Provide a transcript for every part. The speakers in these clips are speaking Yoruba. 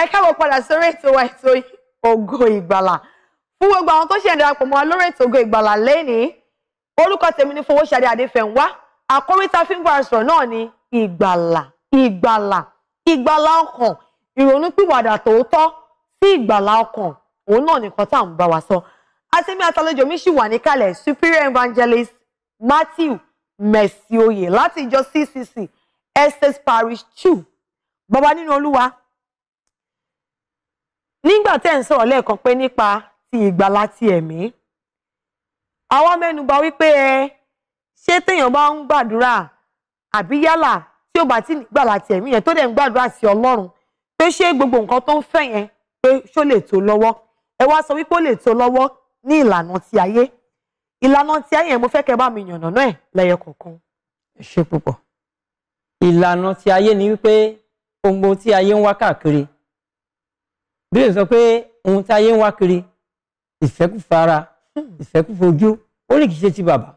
ẹ káàbọ̀ padà sórí ètò wa ètò Ògo Ìgbàlà fún gbogbo àwọn tó ṣe ń darapọ̀ mọ́ lórí ètò Ògo Ìgbàlà lẹ́nìí orúkọ tèmi ni Fowóṣadé Adéfẹ̀nwá àkórí tá a fi ń bára sọ̀rọ̀ náà ni ìgbàlà ìgbàlà ìgbàlà ọkàn ìrònúpìwàdà tòótọ́ sí ìgbàlà ọkàn òun náà nìkan tá à ń bá wa sọ àtẹ̀mí àtàlejò mi sì wà níkàlẹ̀ Superior Evangelist Matthew Mercioye láti ìjọ CCC Estes Parish two bàbá nínú Olúwa nígbà tẹ́ ń sọ̀rọ̀ lẹ́ẹ̀kan pé nípa ti ìgbàlá ti ẹ̀mí àwa mẹ́nuba wípé ẹ ṣé téèyàn bá ń gbàdúrà àbí yálà tí ó bá ti gbàlá ti ẹ̀mí yẹn tó dẹ̀ ń gbàdúrà sí Ọlọ́run pé ṣé gbogbo nǹkan tó ń fẹ́ yẹn pé ṣó lè tó lọ́wọ́ ẹ wá sọ wípé ó lè tó lọ́wọ́ ní ìlànà ti ayé ìlànà ti ayé yẹn mo fẹ́ kẹ́ bá mi yànnàná ẹ̀ lẹ́yọ kọ̀ọ̀kan. ẹ ṣe púpọ̀ ìlànà ti ayé ni wípé ohun tí ayé ń wá káàkiri bí o sọ pé ohun tí ayé ń wá kiri ìfẹ́kùfara ìfẹ́kùfojú ó lè kì í ṣe ti bàbá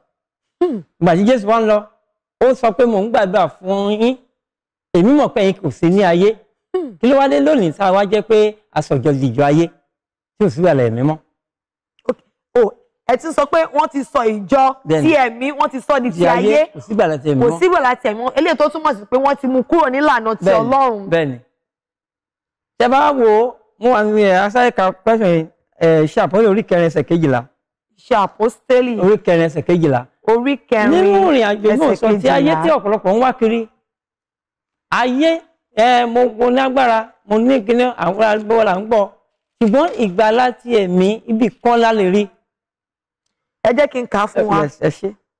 hmm. ìgbà tí Jésù wá ń lọ ó sọ pé mò ń gbàdúrà fún yín èmi mọ̀ pé yín kò sí ní ayé hmm. kí ló wá dé lónìí tá a wá jẹ́ pé asọ̀jọ dìjọ ayé tí ò sí wà lẹ́ẹ̀mí mọ́. ẹ ti sọ pé wọ́n ti sọ ìjọ tí ẹ̀mí wọ́n ti sọ di ti ayé kò sígbà láti ẹ̀mí mọ́ kò sígbà láti ẹ̀mí mọ́ eléyìí tó túmọ̀ sí pé wọ́n ti mú kúrò nílànà ti Ọlọ́run. bẹ́ẹ̀ni tẹ bá wo mo wà ní eh, aṣáájú ka pẹ́sàn eh, iṣẹ́ àpọ́nlé orí kẹrin ẹsẹ̀ kejìlá. iṣẹ́ àpọ́stélì orí kẹrin ẹsẹ̀ kejìlá. orí kẹrin ẹsẹ̀ kejìlá nínú ìrìn àjò náà sọ ti ayé tí ọ̀pọ̀lọpọ̀ ń wá kiri ayé eh, mo mo ní agbára mo ní kíní àwọn arábíwọ́ là ń gbọ́ ṣùgbọ́n ìgbàlá ti ẹ̀mí ibì kan la lè rí. ẹ jẹ́ kí n kà á fún wa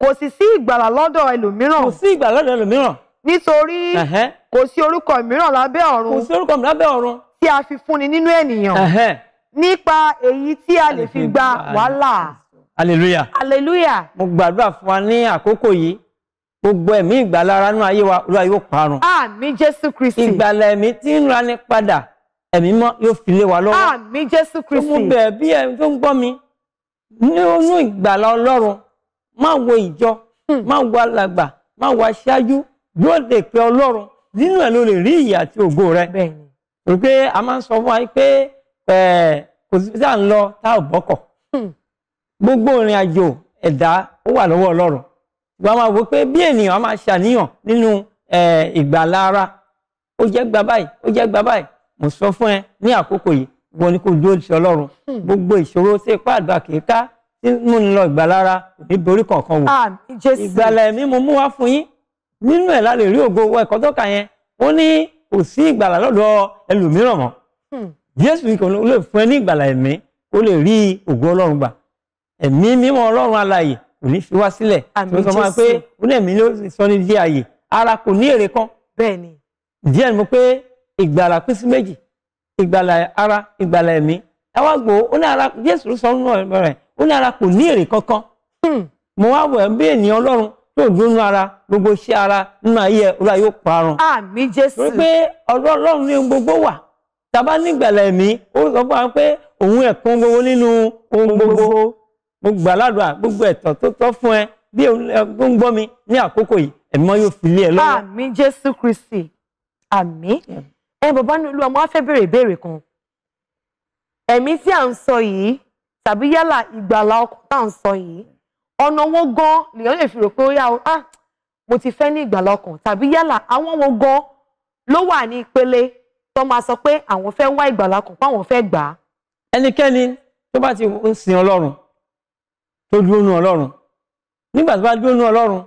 kò sì sí ìgbàlá lọ́dọ̀ ẹlòmíràn. kò sí ìgbàlá lọ́dọ̀ ẹlòmíràn. nítorí kò sí orúkọ mìíràn lábẹ́ ọ̀run. kò sí orúkọ mìíràn lábẹ́ ọ̀run tí a fi fúnni nínú ènìyàn nípa èyí tí a lè fi gba wàhálà. hallelujah. hallelujah. mo gbàdúrà fún wa ní àkókò yìí gbogbo ẹ̀mí ìgbàlára nínú ayé wa olúwa yóò parun. àmín jésù kristi. ìgbàlà ẹ̀mí tí ń rani padà ẹ̀mí mọ́ yóò fi lé wa lọ́wọ́. àmín jésù kristi. mo bẹ̀ bí ẹ tó ń gbọ́ mi nínú ìgbàlà ọlọ́run má wo ìjọ hmm. má wo alàgbà má wo aṣáájú dúró dè pé ọlọ́run nínú ẹ̀ ló lè rí ìyè àti ògo rẹ̀. bẹ́ẹ̀ni wípé a máa ń sọ fún wa pé eh, kò sí sí ń lọ tá ò bọ́kọ̀ hmm. gbogbo ìrìn àjò ẹ̀dá ó wà lọ́wọ́ ọlọ́run ìwà máa wò pé bí ènìyàn a máa ṣàníyàn nínú eh, ara, ó jẹ́ gba báyìí ó jẹ́ gba báyìí mo sọ fún ẹ ní àkókò yìí wọn ni kò dúró ti hmm. gbogbo ìṣòro tí ipá àgbà kìí tí mú ni lọ ìgbàlára ní borí kankan wò ẹ̀mí mo mú kò sí ìgbàlà lọ́dọ̀ ẹlòmíràn mọ́ hmm. jésù nìkan ló lè fún ẹ ní ìgbàlà ẹ̀mí ó lè rí ògo ọlọ́run gbà ẹ̀mí mímọ́ ọlọ́run alààyè kò ní fi wá sílẹ̀ tó sọ máa pé òun ẹ̀mí ló sọ ní di ààyè ara kò ní èrè kan díẹ̀ ni mo pé ìgbàlà pín sí méjì ìgbàlà ara ìgbàlà ẹ̀mí ẹ wá gbọ́ ó ní ara jésù sọ nínú ọ̀rẹ́ rẹ̀ ó ní ara kò ní èrè kankan hmm. mo wá wọ̀ bí ènìyàn ọlọ́run gbogbo nínú ara gbogbo iṣẹ́ ara nínú ayé olúwa yóò parun. jésù. wọ́n pé ọ̀rọ̀ ọlọ́run ní gbogbo wà tàbá nígbàlẹ̀ mí ó sọ fún wa pé òun gbogbo nínú ohun gbogbo mo gbà ládùúgbà gbogbo ẹ̀tọ́ fún ẹ bí mi ní àkókò yìí yóò fi lé ẹ lọ́wọ́. jésù kristi Àmì ẹ bàbá ní ọ̀nà wo gan lèèyàn lè fi rò pé ó yá ah mo ti fẹ́ ní ìgbàlá ọkàn tàbí yálà àwọn wo gan ló wà ní ìpele tó máa sọ pé àwọn fẹ́ wá ìgbàlá ọkàn páwọn fẹ́ gbà á. ẹnikẹ́ni tó bá ti ń sin ọlọ́run tó dúró nu ọlọ́run nígbà tó bá dúró nu ọlọ́run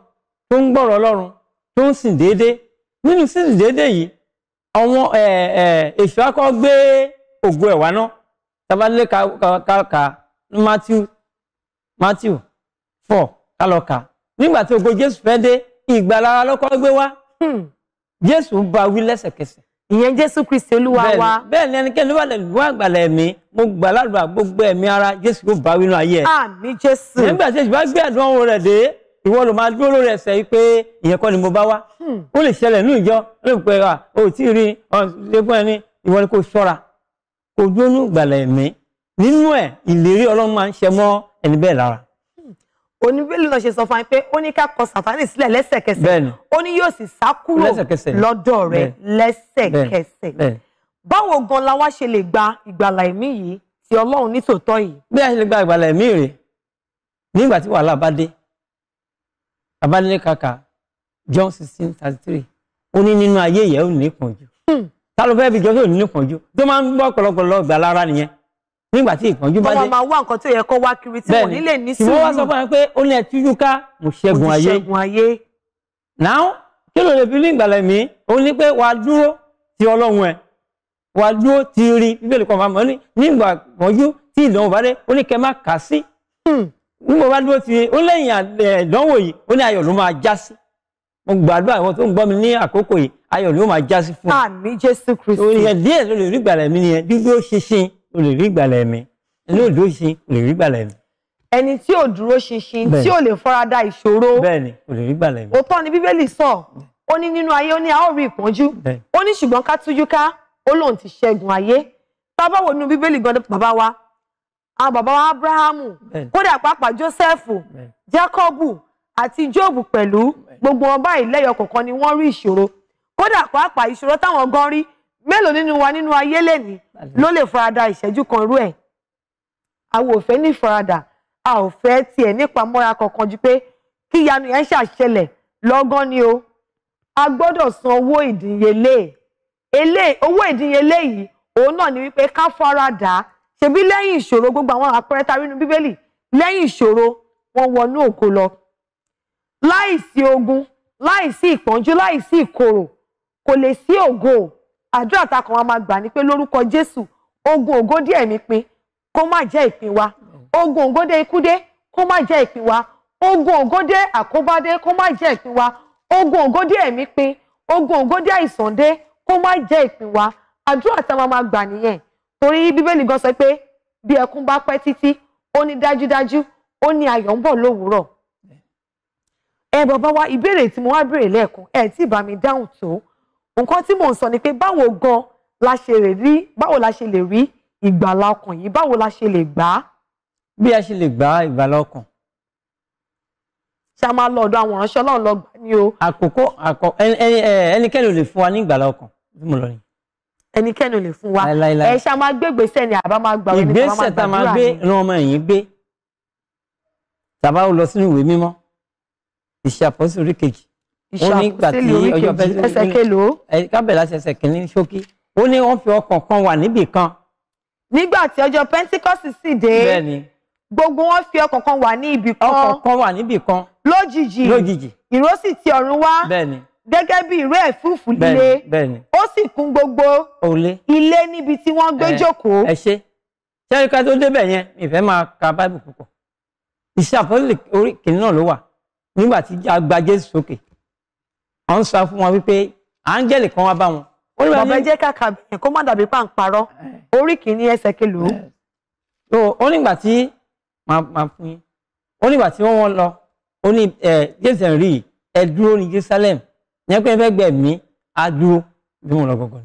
tó ń gbọ́rọ̀ ọlọ́run tó ń sìn déédéé nínú sísìn déédéé yìí àwọn èṣù akọ gbé ògo ẹ̀wá náà tabalẹ́ ka ka ka Matthew Matthew four kálọ̀kà nígbà tí ògo jésù fẹ́ dé ìgbàlára ló kọ́ gbé wá hmm. jésù bá wí lẹ́sẹ̀kẹsẹ̀. ìyẹn jésù kristi olúwa wa. bẹ́ẹ̀ ni ẹnikẹ́ni wà lẹ́nu wá àgbàlẹ̀ mi mo gbà ládùúgbà gbogbo ẹ̀mí ara jésù yóò bá wí nù ayé ẹ̀. àmín jésù. nígbà tí jésù bá gbé àdúrà wọn rẹ̀ dé ìwọ ló máa dúró lórí ẹsẹ̀ yìí pé ìyẹn kọ́ ni mo bá wá hmm. ó lè ṣẹlẹ̀ ní ìjọ ló pé à ó tí ì rí ọ̀sẹ̀fún ẹni ìwọ ni kò ṣọ́ra kò dúró ní ìgbàlẹ̀ ẹ̀mí nínú ẹ̀ ìlérí ọlọ́run máa oníbílì náà ṣe sọ fún wa pé ó ní ká kọ sàtánì sílẹ̀ lẹ́sẹ̀kẹsẹ̀ ó ní yóò sì sá kúrò lọ́dọ̀ rẹ̀ lẹ́sẹ̀kẹsẹ̀ báwo gan la wá ṣe lè gba ìgbàlà ẹ̀mí yìí ti Ọlọ́run nítòótọ́ yìí. bí a ṣe lè gba ìgbàlà ẹ̀mí rè nígbà tí wàhálà bá dé abánilé kàkà John sixteen thirty three ó ní nínú ayé yẹn ò ní pọ̀jù hmm. ta ló fẹ́ fi jọ́ tó ní pọ̀jù tó máa ń gbọ́ ọ̀pọ̀lọpọ̀ nígbà tí ìpọ́njú bá dé. wọ́n máa wá nǹkan tó yẹ kó wá kiri tí wọ́n nílé ní sùúrù. ìwọ wá sọ fún mi pé ó ní ẹtí yúká mo ṣẹ́gun ayé. mo ti ṣẹ́gun ayé. náà kí ló lè fi ní ìgbàlẹ̀ mi ó ní pé wàá dúró ti ọlọ́run ẹ̀ wàá dúró ti rí bíbélì kan máa mọ̀ ní nígbà ìpọ́njú tí ìdánwò bá dé ó ní kẹ́ má kà sí. Hmm. nígbà wàá dúró ti ó lẹ́yìn eh, ìdánwò yìí ó ní ayọ̀ ló máa já sí mo gbàdúrà àwọn tó ń gbọ́ mi ní àkókò yìí ayọ̀ ló máa já sí fún o lè rí ìgbàlẹ̀ mi ẹni ò dúró ṣinṣin o lè rí ìgbàlẹ̀ mi. ẹni tí ò dúró ṣinṣin tí ò lè farada ìṣòro bẹ́ẹ̀ni o lè rí ìgbàlẹ̀ mi. òótọ́ ni bíbélì sọ ó ní nínú ayé ó ní a ó rí ìpọ́njú ó ní ṣùgbọ́n ká tújú ká ó lóun ti ṣẹ́gun ayé bàbá wo nínú bíbélì gan bàbá wa àwọn bàbá wa abrahamu kódà pàápàá jósẹ́fù jákọ́bù àti jóòbù pẹ̀lú gbogbo wọn báyìí kọ̀ọ̀kan ni wọ́n rí ìṣòro kódà pàápàá ìṣòro táwọn gan rí mélòó nínú wa nínú ayé lẹ́nìí ló lè farada ìṣẹ́jú kan rú ẹ̀ àwọn òfẹ́ ní farada a ò fẹ́ tiẹ̀ nípamọ́ra kankan ju pé kí ìyanu yẹn ṣàṣẹlẹ̀ lọ́gán ni o a gbọ́dọ̀ san owó ìdíyelé owó ìdíyelé yìí òun náà ni wípé ká farada ṣebí lẹ́yìn ìṣòro gbogbo àwọn àpẹẹrẹ tá a rí nínú bíbélì lẹ́yìn ìṣòro wọ́n wọnú ògo lọ láìsí ogun láìsí ìpọ́njú láìsí ìkorò kò lè sí ògo àdúrà takàn wa máa gbà ní pé lórúkọ Jésù ogun ògódé ẹ̀mí pin kó má jẹ́ ìpín wa ogun ògódé ikúdé kó má jẹ́ ìpín wa ogun ògódé àkóbádé kó má jẹ́ ìpín wa ogun ògódé ẹ̀mí pin ogun ògódé àìsàndé kó má jẹ́ ìpín wa àdúrà tá a máa gbà nìyẹn torí bíbélì gan sọ pé bí ẹkún bá pẹ́ títí ó ní dájúdájú ó ní ayọ̀ ń bọ̀ lówùúrọ̀ ẹ bàbá wa ìbéèrè tí mo wá béèrè lẹ́ẹ̀kan ẹ tí ì bá mi dáhùn tó nǹkan tí mò ń sọ ni pé báwo gan la ṣe lè rí báwo la ṣe lè rí ìgbàlà ọkàn yìí báwo la ṣe lè gbà á. bí a ṣe lè gbà á ìgbàlà ọkàn. ṣé a máa lọ ọ̀dọ̀ àwọn ìránṣẹ́ Ọlọ́run lọ gbà ni o. àkókò àkọ ẹnikẹ́ni ò lè fún wa ní ìgbàlà ọkàn bí mo lọ ni. ẹnikẹ́ni ò lè fún wa ẹ ṣá máa gbé ìgbésẹ̀ ni àbá máa gbà wọ́n tá a máa gbé ran ọmọ ẹ̀yìn gbé tàbá ò lọ sínú ìwé mímọ́ ìṣe ó nígbà tí ọjọ́ bẹ́ẹ̀ ẹsẹ̀ kélòó kábẹ̀ láti ẹsẹ̀ kìíní ṣókí ó ní wọ́n fi ọkàn kan wà níbì kan. nígbà tí ọjọ́ pentikọ́sì sì dé gbogbo wọn fi ọkàn kan wà ní ibì kan ọkàn kan wà níbì kan lójijì lójijì ìró sì ti ọ̀run wá gẹ́gẹ́ bí ìró ẹ̀fúùfù líle ó sì kún gbogbo ilé níbi tí wọ́n gbé jókòó. ẹ ṣe ṣé ẹ̀ka tó débẹ̀ yẹn ìfẹ́ máa ka báìbù púpọ̀ ìṣàpọ̀lẹ̀ orí kìnìún náà ló wà nígbà tí a gba Jésù sókè à ń sọ fún wọn wípé áńgẹ́lì kan wá bá wọn. bàbá ẹ jẹ́ kàkà bẹ̀rẹ̀ kó má dàbí pàǹparọ́ orí kìíní ẹsẹ̀ kìlò. ó nígbà tí màá fún yín ó tí wọ́n lọ ó ní Jésù ẹ̀ ẹ dúró ní Jerusalem yẹn pé ẹ fẹ́ gbẹ̀mí á dúró bí wọ́n lọ gbọ̀ngàn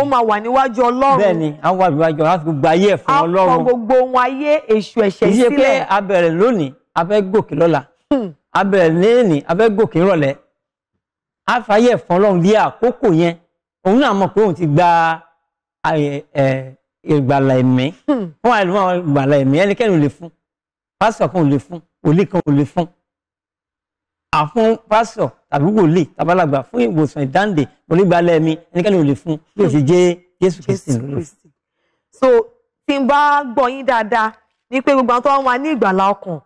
ó máa wà níwájú ọlọ́run bẹ́ẹ̀ ni a wà níwájú ọlọ́run láti gbogbo ayé ẹ̀fọn ọlọ́run akọ gbogbo ohun ayé èṣù ẹ̀ṣẹ̀ sílẹ̀ ìṣe pé a bẹ̀rẹ̀ lónìí a fẹ́ gòkè lọ́la hmm. a bẹ̀rẹ̀ lẹ́ẹ̀ni a fẹ́ gòkè nírọ̀lẹ́ á fàyè fún ọlọ́run bí àkókò yẹn òun náà mọ̀ pé òun ti gba ìgbàlà ẹ̀mí hmm. fún àìlú àwọn ìgbàlà ẹ̀mí ẹnikẹ́ni ò lè fún pásítọ̀ kan ò lè fún wòlíì kan ò lè fún àfún pásítọ̀ tàbí wòlíì tabalàgbà fún ìwòsàn ìdáǹdè onígbàlà ẹ̀mí ẹnikẹ́ni ò lè fún bí o ti jẹ́ Jésù Kristi ló so tí n bá gbọ́ yín dáadáa ni pé gbogbo àwọn tó wà ní ìgbàlà ọkàn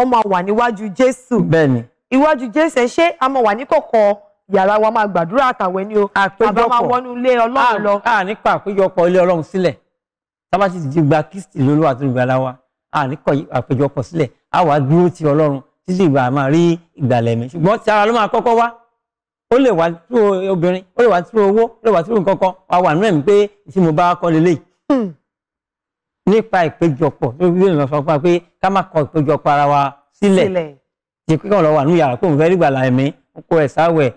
ọmọ wà níwájú Jésù bẹ́ẹ̀ iwájú Jésù ẹ ṣé a máa wà ní kọ̀kọ̀ yàrá wa máa gbàdúrà àtàwẹ̀ ni o àbá máa wọnú ilé ọlọ́run ah, lọ. a ah, ní kọ àpéjọpọ̀ ilé ọlọ́run sílẹ̀ tábà ti di gba kristi lólúwa tó gbàlà wa a ní kọ àpéjọpọ̀ sílẹ̀ a wà dúró ti ọlọ́run títí ìgbà máa rí ìgbàlẹ̀ mi ṣùgbọ́n ti ara ló máa kọ́kọ́ wá ó lè wá túró obìnrin ó lè wá túró owó ó lè wá túró nǹkan kan wà wà nú ẹ̀mí pé tí mo bá kọ́ lélẹ̀ hmm. nípa ìpéjọpọ̀ tó bí ènìyàn sọ pé ká má kọ ìpéjọpọ̀ ara wa sílẹ̀ ti pé kàn lọ wà nú yàrá kó n fẹ́ rí ìgbàlà ẹ̀mí kó ẹ̀ sáwẹ̀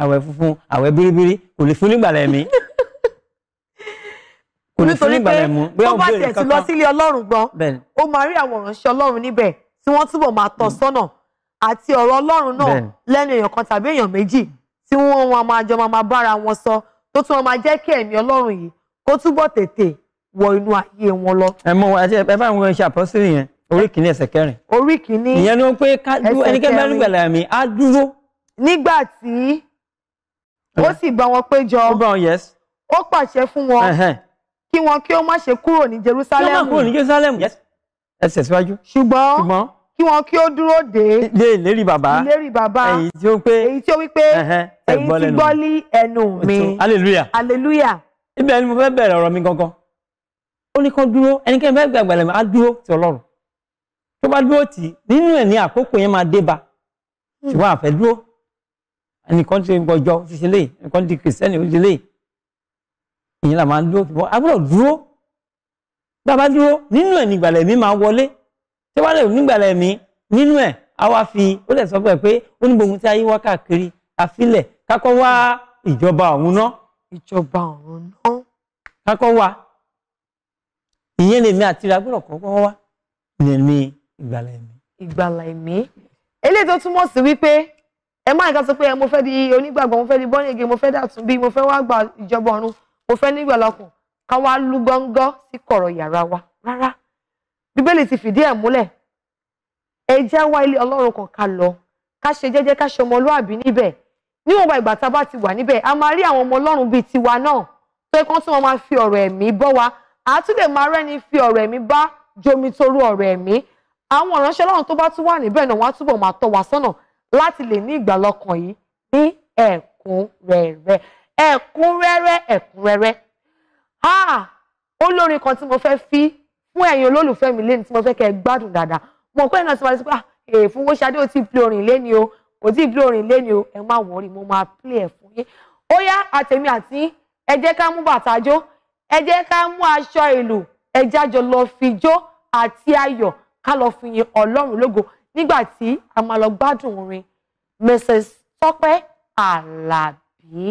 àwẹ̀ funfun àwẹ̀ biribiri kò lè fún nígbàlẹ̀ mi kò lè fún nígbàlẹ̀ mu bóyá ó béèrè kankan tó bá tẹ̀ sí lọ sílé ọlọ́run gan ó máa rí àwọn ìránṣẹ́ ọlọ́run níbẹ̀ tí wọ́n túbọ̀ máa tọ́ mm. sọ́nà àti ọ̀rọ̀ ọlọ́run náà lẹ́nu èèyàn kan tàbí èèyàn méjì tí wọ́n wọn máa jọ máa bára wọn sọ tó tún wọn máa jẹ́ kí ẹ̀mí ọlọ́run yìí kó túbọ̀ tètè wọ inú ayé wọn lọ. ẹ mọ àti ẹ bá àwọn iṣẹ́ àpọ́sílẹ̀ yẹn orí kìíní ẹsẹ̀ kẹrin. orí kìíní ẹsẹ̀ kẹrin ìyẹn ni wọ́n pé ẹnikẹ́ni bá nígbàlẹ̀ àmì á dúró nígbà tí ó eh. sì bá wọn péjọ ó yes ó pàṣẹ fún wọn kí wọn kí ó má ṣe kúrò ní Jerusalem kí wọn má kúrò ní Jerusalem yes ẹ tẹ̀síwájú. ṣùgbọ́n ṣùgbọ́n kí wọn kí ó dúró dé. ilé ìlérí bàbá ìlérí bàbá èyí tí ó pé èyí tí ó wí pé èyí tí gbọ́ lí ẹnu mi. hallelujah hallelujah. ibẹ̀ ni mo fẹ́ bẹ̀rẹ̀ ọ̀rọ̀ mi gangan ó ní kán dúró ẹnikẹ́ni fẹ́ gbàgbà lẹ́mọ̀ á dúró ti ọlọ́run tó bá dúró tì nínú ẹ̀ ní àkókò yẹn máa dé ba ṣùgbọ́n àfẹ́ dúró ẹnìkan ti gbọjọ ó ti ṣe léyìí ẹnìkan ti kìrìsìtẹ́nì ó ti ṣe léyìí ìyẹn là máa ń dúró ṣùgbọ́n a gbọ́dọ̀ dúró bá a bá dúró nínú ẹ̀ nígbàlẹ̀ mi máa wọlé tí wọ́n lè nígbàlẹ̀ mi nínú ẹ̀ a wá fi ó lè sọ pé pé ó ní gbogbo tí a yí wá káàkiri àfilẹ̀ kákọ́ wá ìjọba ọ̀hún ná. ìjọba ọ̀hún ná. kákọ́ wá ìyẹn lèmi àti ìrà gbọ́dọ̀ kọ́kọ́ wá lèmi ìgbàlẹ̀ mi. ìgbàlẹ̀ mi eléyìí tó túmọ̀ sí wípé ẹ má nǹkan sọ pé mo fẹ́ di onígbàgbọ́ mo fẹ́ di born again mo fẹ́ dàtún bí mo fẹ́ wá gba ìjọba ọ̀run mo fẹ́ nígbà lọ́kùn ká wá lú gọ́ngọ́ sí kọ̀rọ̀ yàrá wa rárá bíbélì ti fìdí ẹ̀ múlẹ̀ ẹ jẹ́ wá ilé ọlọ́run kan ká lọ ká ṣe jẹ́jẹ́ ká ṣe ọmọlúàbí níbẹ̀ níwọ̀nba ìgbà tá a bá ti wà níbẹ̀ a máa rí àwọn ọmọ ọlọ́run bíi tiwa náà tó ẹ kán tí wọ́n máa fi ọ̀rọ̀ ẹ̀mí bọ́ wa àtúndè máa rẹ́ni fi ọ̀rọ̀ ẹ̀mí bá jomi ọ̀rọ̀ ẹ̀mí àwọn ìránṣẹ́ ọlọ́run tó bá tún wà níbẹ̀ náà wọ́n á túbọ̀ máa tọ́ wa sọ́nà láti lè ní ìgbàlọ́kàn yìí ní ẹ̀kúnrẹ́rẹ́ ẹ̀kúnrẹ́rẹ́ ẹ̀kúnrẹ́rẹ́ ah olórin kan tí mo fẹ́ fi fún ẹ̀yin olólùfẹ́ mi lẹ́ni tí mo fẹ́ kẹ́ gbádùn dáadáa mo pẹ́ náà ti máa ti pé ah èèfún eh, wo ṣadé ó ti play orin lẹ́ni o kò tí ì play orin lẹ́ni o ẹ má wọrí mo máa play ẹ̀ fún yín ó yá àtẹ̀mí àti ẹ jẹ́ ká mú bàtà jó ẹ jẹ́ ká mú aṣọ ìlú ẹ jájọ lọ fi jó àti ayọ̀ ká lọ fi yin Ọlọ́run lógo nígbà tí a máa lọ gbádùn orin Mrs. Tọ́pẹ́ Àlàbí.